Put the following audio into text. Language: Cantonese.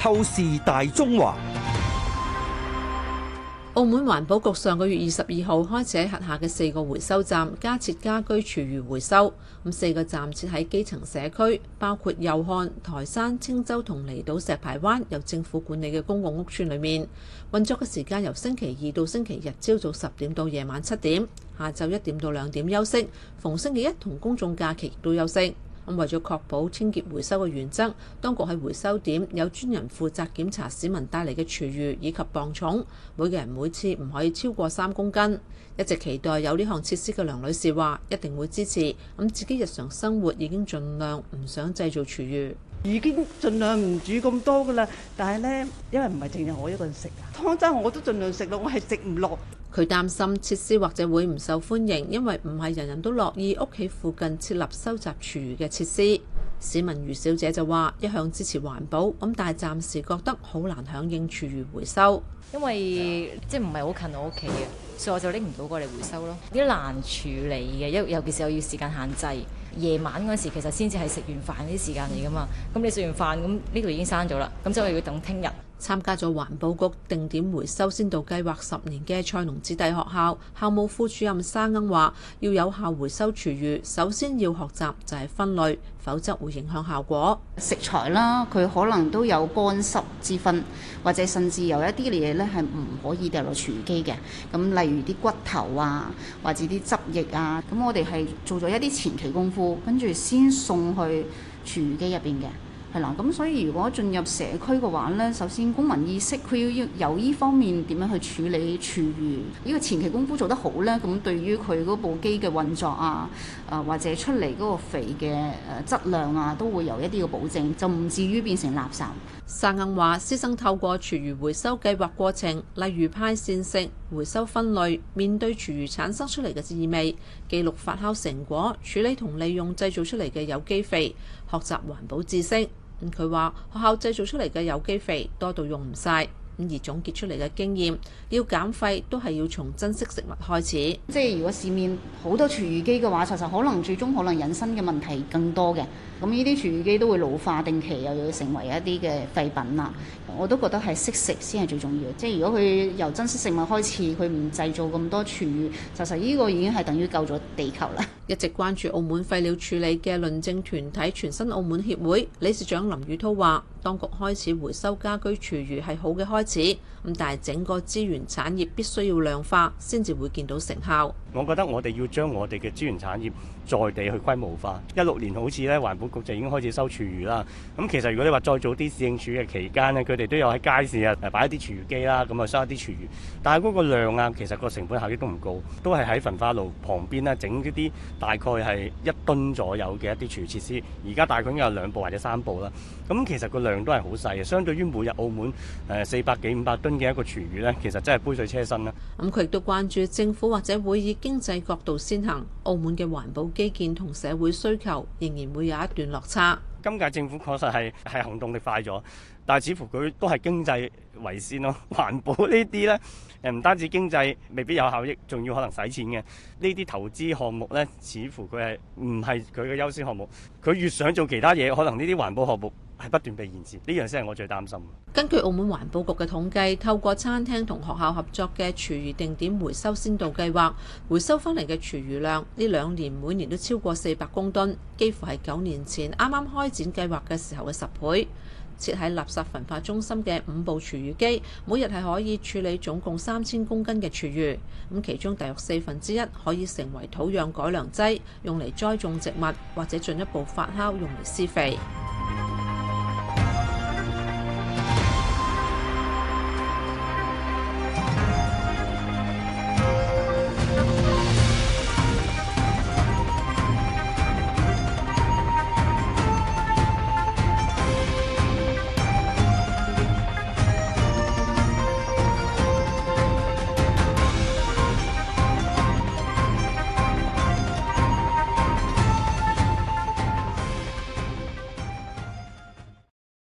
透視大中華。澳門環保局上個月二十二號開始喺轄下嘅四個回收站加設家，家居廚餘回收，咁四個站設喺基層社區，包括祐漢、台山、青洲同離島石排灣，由政府管理嘅公共屋村裏面運作嘅時間由星期二到星期日，朝早十點到夜晚七點，下晝一點到兩點休息，逢星期一同公眾假期都休息。咁為咗確保清潔回收嘅原則，當局喺回收點有專人負責檢查市民帶嚟嘅廚餘以及磅重，每個人每次唔可以超過三公斤。一直期待有呢項設施嘅梁女士話，一定會支持，咁自己日常生活已經盡量唔想製造廚餘。已經盡量唔煮咁多㗎喇，但係呢，因為唔係淨係我一個人食啊。湯渣我都盡量食咯，我係食唔落。佢擔心設施或者會唔受歡迎，因為唔係人人都樂意屋企附近設立收集廚餘嘅設施。市民余小姐就話，一向支持環保，咁但係暫時覺得好難響應廚餘回收，因為即係唔係好近我屋企嘅，所以我就拎唔到過嚟回收咯。啲難處理嘅，因尤其是又要時間限制，夜晚嗰時其實先至係食完飯啲時間嚟噶嘛。咁你食完飯，咁呢度已經閂咗啦，咁所以要等聽日。參加咗環保局定點回收先導計劃十年嘅菜農子弟學校校務副主任沙恩話：要有效回收廚餘，首先要學習就係分類，否則會影響效果。食材啦，佢可能都有乾濕之分，或者甚至有一啲嘢咧係唔可以掉落廚餘機嘅。咁例如啲骨頭啊，或者啲汁液啊，咁我哋係做咗一啲前期功夫，跟住先送去廚餘機入邊嘅。係啦，咁，嗯、所以如果進入社區嘅話咧，首先公民意識佢要要有依方面點樣去處理廚餘。呢個前期功夫做得好咧，咁對於佢嗰部機嘅運作啊，啊或者出嚟嗰個肥嘅誒質量啊，都會有一啲嘅保證，就唔至於變成垃圾。沙硬話：師生透過廚餘回收計劃過程，例如派線食。回收分類，面對廚餘產生出嚟嘅異味，記錄發酵成果，處理同利用製造出嚟嘅有機肥，學習環保知識。佢話學校製造出嚟嘅有機肥多到用唔晒。而總結出嚟嘅經驗，要減廢都係要從珍惜食物開始。即係如果市面好多廚餘機嘅話，其實可能最終可能引申嘅問題更多嘅。咁呢啲廚餘機都會老化，定期又要成為一啲嘅廢品啦。我都覺得係識食先係最重要。即係如果佢由珍惜食物開始，佢唔製造咁多廚餘，其實呢個已經係等於救咗地球啦。一直關注澳門廢料處理嘅論政團體全新澳門協會理事長林宇滔話。當局開始回收家居廚餘係好嘅開始，咁但係整個資源產業必須要量化先至會見到成效。我覺得我哋要將我哋嘅資源產業在地去規模化。一六年好似咧，環保局就已經開始收廚餘啦。咁、嗯、其實如果你話再早啲，市政署嘅期間咧，佢哋都有喺街市啊擺一啲廚餘機啦、啊，咁、嗯、啊收一啲廚餘。但係嗰個量啊，其實個成本效益都唔高，都係喺焚化爐旁邊啦、啊，整一啲大概係一噸左右嘅一啲廚餘設施。而家大概應該有兩部或者三部啦。咁、嗯、其實個量都係好細嘅，相對於每日澳門誒四百幾五百噸嘅一個廚餘咧，其實真係杯水車薪啦、啊。咁佢亦都關注政府或者會議。經濟角度先行，澳門嘅環保基建同社會需求仍然會有一段落差。今屆政府確實係係行動力快咗，但係似乎佢都係經濟為先咯。環保呢啲呢，誒唔單止經濟未必有效益，仲要可能使錢嘅。呢啲投資項目呢，似乎佢係唔係佢嘅優先項目。佢越想做其他嘢，可能呢啲環保項目，係不斷被延遲，呢樣先係我最擔心。根據澳門環保局嘅統計，透過餐廳同學校合作嘅廚餘定點回收先導計劃，回收翻嚟嘅廚餘量呢兩年每年都超過四百公噸，幾乎係九年前啱啱開展計劃嘅時候嘅十倍。設喺垃圾焚化中心嘅五部廚餘機，每日係可以處理總共三千公斤嘅廚餘，咁其中大約四分之一可以成為土壤改良劑，用嚟栽種植物或者進一步發酵用嚟施肥。